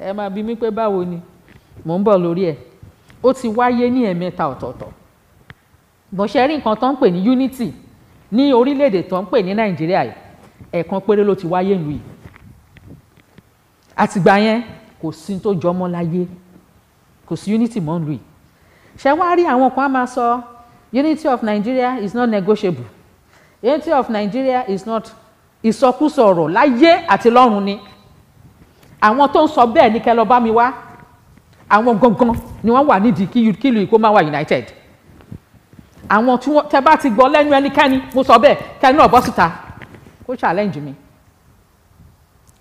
ẹ máa bi mí pé báwo ni mò ń bọ̀ lórí ẹ̀ ó ti wáyé ní ẹ̀mẹ́ta ọ̀tọ̀ọ̀tọ̀ bọ̀ṣẹ́ rí nǹkan tó ń pè ní unity ní orílẹ̀-èdè tó ń pè ní nàìjíríà yìí ẹ̀ẹ̀kan péré ló ti wáyé ìlú yìí àtìgbà yẹn kò sí tó jọmọ láyé kò sí unity mọ́ ìlú yìí ṣé wàá rí àwọn kan á máa sọ unity of Nigeria is not negotiable unity of Nigeria is not ìsọkúsọ ọ̀rọ̀ láyé àti lọ́run ni àwọn tó ń sọ bẹ́ẹ̀ ní kẹ́ lọ bá mi wá àwọn gangan ni wọ́n wà nídìí kílù ìkó máa wà united àwọn tí wọ́n tẹ́ bá ti gbọ́ lẹ́nu ẹnikẹ́ni mo sọ bẹ́ẹ̀ kẹ́ni náà bọ́ síta kó challenge mi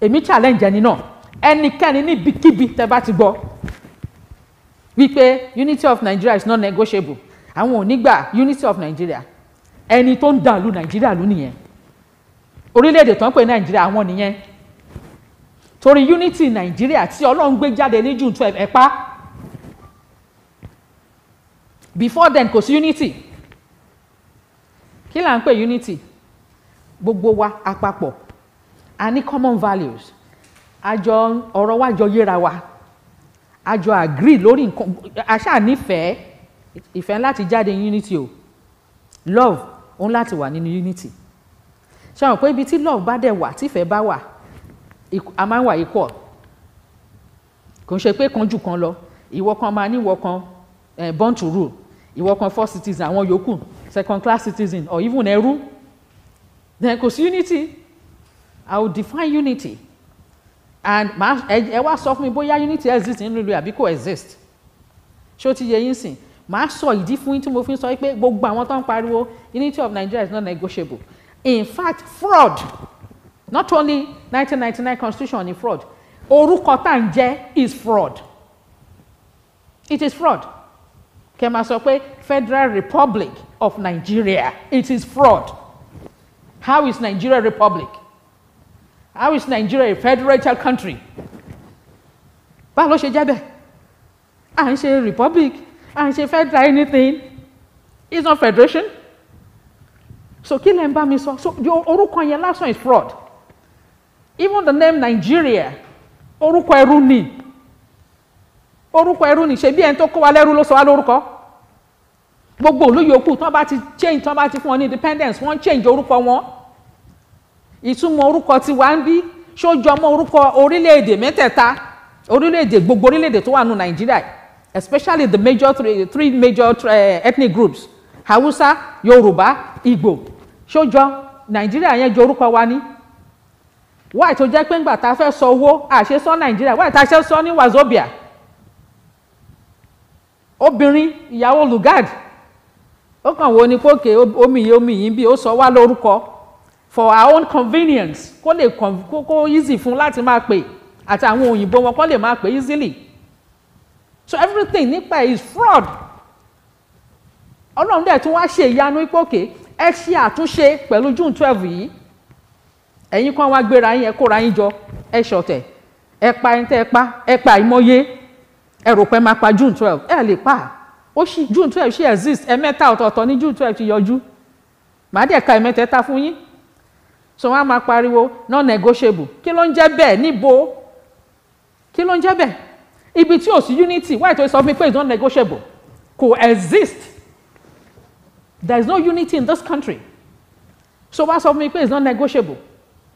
èmi challenge ẹni náà ẹnikẹ́ni níbikíbi tẹ́ bá ti gbọ́ wípé unity of Nigeria is not negotiable àwọn ò ní unity of Nigeria ẹni tó ń dàlú Nigeria lónìí yẹn orílẹ̀-èdè tó ń pè Nigeria àwọn nìyẹn torí unity Nigeria. tí ọlọ́run gbé jáde ní june twelve ẹ̀ pa before then kò sí unity kí là ń pè unity gbogbo wa àpapọ̀ a ní common values àjọ ọ̀rọ̀ wa jọ yéra wa àjọ agree lórí nǹkan àṣà nífẹ̀ẹ́ ìfẹ́ láti jáde unity o love òun láti wà nínú unity ṣe àwọn pé ibi tí love bá dẹ̀ wà tífẹ̀ẹ́ bá wà a máa ń wà equal kò ń ṣe pé kan jù kan lọ ìwọ kan máa ní ìwọ kan eh, born to rule ìwọ kan first citizen àwọn yòókù second class citizen or even ẹrú then kò sí unity i will define unity and màá ẹ wá sọ fún mi bóyá unity exist nínú ìlú àbí kò exist ṣé ó ti yẹ yín sìn màá sọ ìdí fún yín tí mo fi sọ pé gbogbo àwọn tó ń pariwo unity of Nigeria is not negotiable in fact fraud not only 1999 constitution ni fraud orúkọ tá à ń jẹ́ is fraud it is fraud kẹ́ máa sọ pé Federal Republic of Nigeria it is fraud how is Nigeria republic how is Nigeria a federal country báwo ló ṣe jẹ́ à ń ṣe republic à ń ṣe federal anything it's not federation so kí lè ń bá mi sọ so orúkọ yẹn lásán is fraud even the name Nigeria orúkọ ẹrú ni orúkọ ẹrú ni ṣebí ẹni tó kó wa lẹ́rú ló sọ wá lórúkọ gbogbo ìlú tí wọ́n bá ti change tí wọ́n bá ti fún wọn ní independence wọ́n change orúkọ wọn ìtumọ̀ orúkọ ti wá ń bí ṣójọ mọ́ orúkọ orílẹ̀-èdè mẹ́tẹ̀ẹ̀ta orílẹ̀-èdè gbogbo orílẹ̀-èdè tó wà nù Nàìjíríà especially the major three, three major uh, ethnic groups Hausa Yoruba, Igbo ṣójọ Nàìjíríà yẹn jọ orúkọ wa ní wáì tó jẹ́ pé ńgbà tá a fẹ́ sọ owó àṣẹ sọ nàìjíríà wáì tá a ṣe sọ ní wazobia obìnrin ìyàwó lugard ó kàn wo ni pókè omi yìí omi yìí bí ó sọ wá lórúkọ for our own convenience kó lè kó easy fún láti máa pè àti àwọn òyìnbó wọn kó lè máa pè easily so everything nípa is fraud ọlọ́run dẹ̀ tún wá ṣe ìyanu ipòkè ẹ ṣe àtúnṣe pẹ̀lú june twelve yìí ẹ̀yin kan wá gbéra yín ẹ kóra yín jọ ẹ ṣọ̀tẹ̀ ẹ pa ẹni tẹ́ ẹ pa ẹ pa ìmọ̀ye ẹ rò pé máa pa June twelve ẹ lè pa ó ṣì June twelve ṣì exist ẹ mẹ́ta ọ̀tọ̀ọ̀tọ̀ ní June twelve ti yọjú màá dẹ̀ ka ẹ mẹ́tẹ̀ẹ̀ta fún yín so wọ́n á máa pariwo non negotiable kí ló ń jẹ́ bẹ́ẹ̀ níbo kí ló ń jẹ́ bẹ́ẹ̀ ibi tí ò sí unity why to sọ fún mi pé it's non negotiable co exist there is no unity in this country so wọ́n á sọ fún mi pé it's non negotiable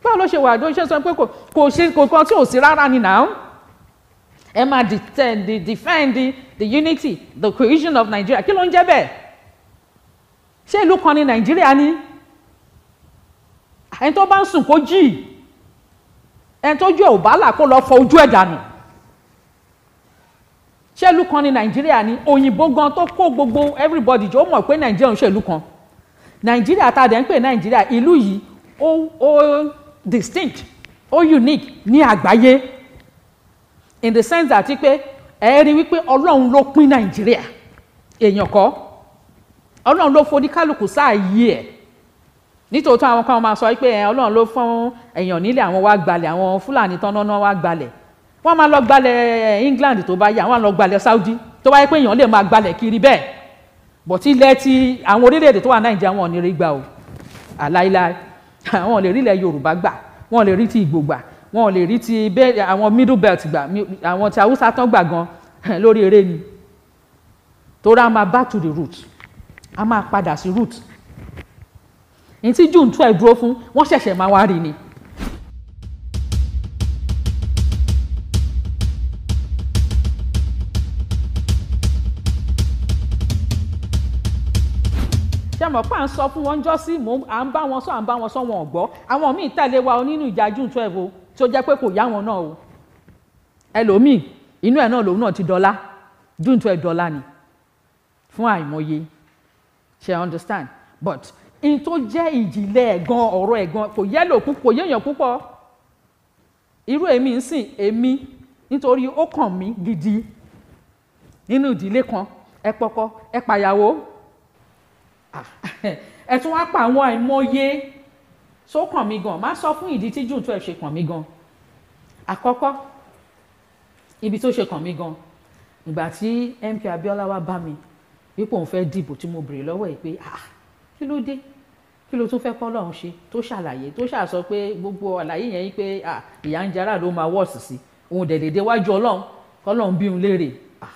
báwo ló ṣe wà àjọ iṣẹ́ sọ pé kò ṣe kò kan tí ò sí rárá ni now ẹ máa defend the unity the cohesion of Nigeria kí ló ń jẹ́ bẹ́ẹ̀ ṣé ìlú kan ní Nàìjíríà ni ẹni tó bá ń sùn kó jì ẹni tó jù ẹ̀ ò bá là kó lọ fọ ojú ẹ̀ dànù ṣẹ́lú kan ní nàìjíríà ni òyìnbó gan tó kó gbogbo everybody jọ mọ̀ pé nàìjíríà ń ṣèlú kan nàìjíríà tá a dẹ̀ ń pè nàìjíríà ìlú yìí ó ó distinct ó unique ní àgbáyé in the sense that pé ẹ rí wípé ọlọ́run ló pín nàìjíríà èèyàn kọ́ ọlọ́run ló foníkálukú sáàyè ẹ̀ nítòótọ́ àwọn kan máa sọ pé ọlọ́run ló fún èèyàn nílẹ̀ àwọn wá gbalẹ̀ àwọn fúlàní tánnáná wá gbalẹ̀ wọ́n máa lọ gbalẹ̀ england tó bá yẹ àwọn lọ gbalẹ̀ saudi tó bá yẹ pé èèyàn lè máa gbalẹ̀ kiri bẹ́ẹ̀ bọ̀tí ilẹ̀ ti àwọn orílẹ̀-èdè tó wà nàìjíríà wọn ò ní rí gbà o àláìláì àwọn ò lè rí ilẹ̀ yorùbá gbà wọn ò lè rí ti ìgbò gbà wọn ò lè rí ti bẹ́ẹ̀ àwọn middle belt gbà àwọn ti haúsá tán gbà gan lórí eré ni torí a máa back to the root a máa padà sí root ní tí june twelve dúró fún wọ́n ṣẹ̀ṣẹ̀ máa wá rí ni. ṣe mọ̀ pé à ń sọ fún wọn jọ́ sí mò ń bá wọn sọ à ń bá wọn sọ wọn ò gbọ́ àwọn míì tẹ̀lé wa nínú ìjà june twelve o tó jẹ́ pé kò yá wọn náà o ẹlòmíì inú ẹ̀ náà lòun náà ti dọ́lá june twelve dọ́lá ni fún àìmọye ṣe understand but n tó jẹ́ ìjìnlẹ̀ ẹ̀gan ọ̀rọ̀ ẹ̀gan kò yẹ lòkú kò yéèyàn púpọ̀ irú èmi ń sìn èmi nítorí ó kàn mí gidi nínú ìdílé kan ẹ pọkọ ẹ pàyàwó Ah. ẹ tún wá pa àwọn àìmọye tó kàn mí gan má sọ fún ìdí tí june twelve ṣe kàn mí gan àkọ́kọ́ ibi tó ṣe kàn mí gan ìgbà tí mk abiola wá bá mi wípé òun fẹ́ dìbò tí mo béèrè lọ́wọ́ ẹ̀ pé ah kí ló dé kí ló tún fẹ́ kọ́ lọ́hún ṣe tó ṣàlàyé tó ṣàsọ pé gbogbo àlàyé yẹn yí pé ah ìyá ń jara ló máa wọ́ọ̀sì sí òun dẹ̀dẹ̀ déwájú ọlọ́run kọ́lọ́run bí òun léèrè ah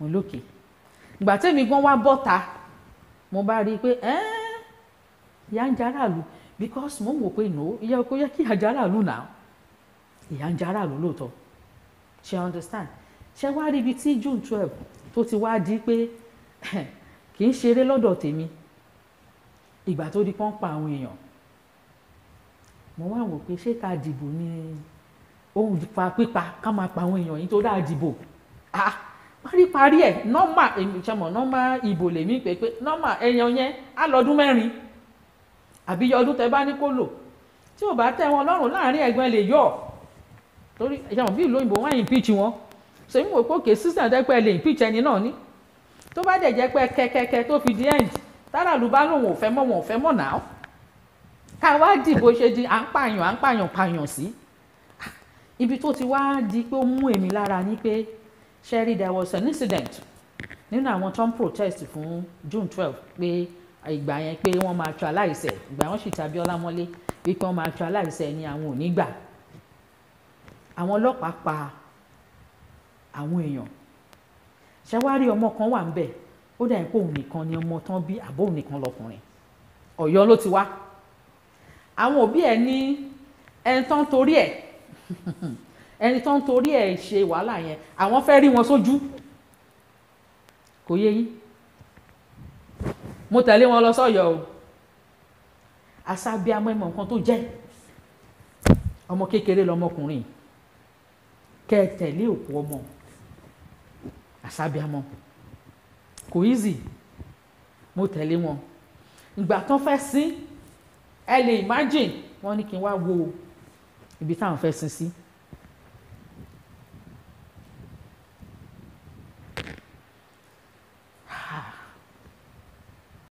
òun lókè ìgbà tẹ́mi gan wá bọ́ta mo bá rí i pé ìyá ń járàlú because mo ń wò pé no ìyá kò yẹ kí ìyá járàlú náà ìyá ń járàlú lóòótọ́ She understand ṣe wá rí ibi tí June twelve tó ti wá di pé kì í ṣeré lọ́dọ̀ tèmi ìgbà tó di pọ́n pa àwọn èèyàn mo wá wò pé ṣé ká dìbò ni ohun pa pípa ká máa pa àwọn èèyàn yìí tó dáa dìbò ah parí ẹ̀ nọ́mà ìṣẹ̀mọ̀ nọ́mà ìbò lèmi pé pé nọ́mà ẹ̀yàn yẹn á lọ́dún mẹ́rin àbí ọdún tẹ bá ní kó lò tí ò bá tẹ́ wọn lọ́rùn láàrin ẹ̀gbọ́n lè yọ̀ torí ìṣẹ̀mọ̀ bí ìlú òyìnbó wọ́n á impeach wọn ṣe mú òpó kè sísan tẹ́ pé ẹ lè impeach ẹni náà ní tó bá dẹ̀ jẹ́ pé kẹ́kẹ́kẹ́ tó fi di end táràlú bá lòun ò fẹ́ mọ́ wọn ò fẹ́ mọ́ náà ká wá dìbò ṣe di à ń pààyàn à ń pààyàn pààyàn sí ah, ibi tó ti wá di pé ó mú èmi lára ní pé sherry there was an incident nínú àwọn tó ń protest fún June twelve pé ìgbà yẹn pé wọ́n máa neutralize ẹ̀ ìgbà wọ́n sì tàbí ọlámọ́lé pé kí wọ́n máa neutralize ẹ̀ ni àwọn ò ní gbà àwọn ọlọ́pàá pa àwọn èèyàn ṣẹwárí ọmọ kan wà ń bẹ̀ ó dà pé òun nìkan ni ọmọ tán bí àbó òun nìkan lọkùnrin Ọ̀yọ́ ló ti wá àwọn òbí ẹ̀ ní ẹni tán torí ẹ̀ ẹni tó ń torí ẹ̀ ṣe wàhálà yẹn àwọn fẹ́ rí wọn sójú kò yé yín mo tẹ̀lé wọn lọ sọ́yọ̀ o asábíàmọ́ ẹ̀mọ̀ nǹkan tó jẹ́ ọmọ kékeré lọmọkùnrin kẹ́ ẹ tẹ̀lé òkú ọmọ asábíàmọ́ kò easy mo tẹ̀lé wọn ìgbà tán fẹ́ sin ẹ lè imagine wọ́n ní kí n wá wo ibi táwọn fẹ́ sin sí. Si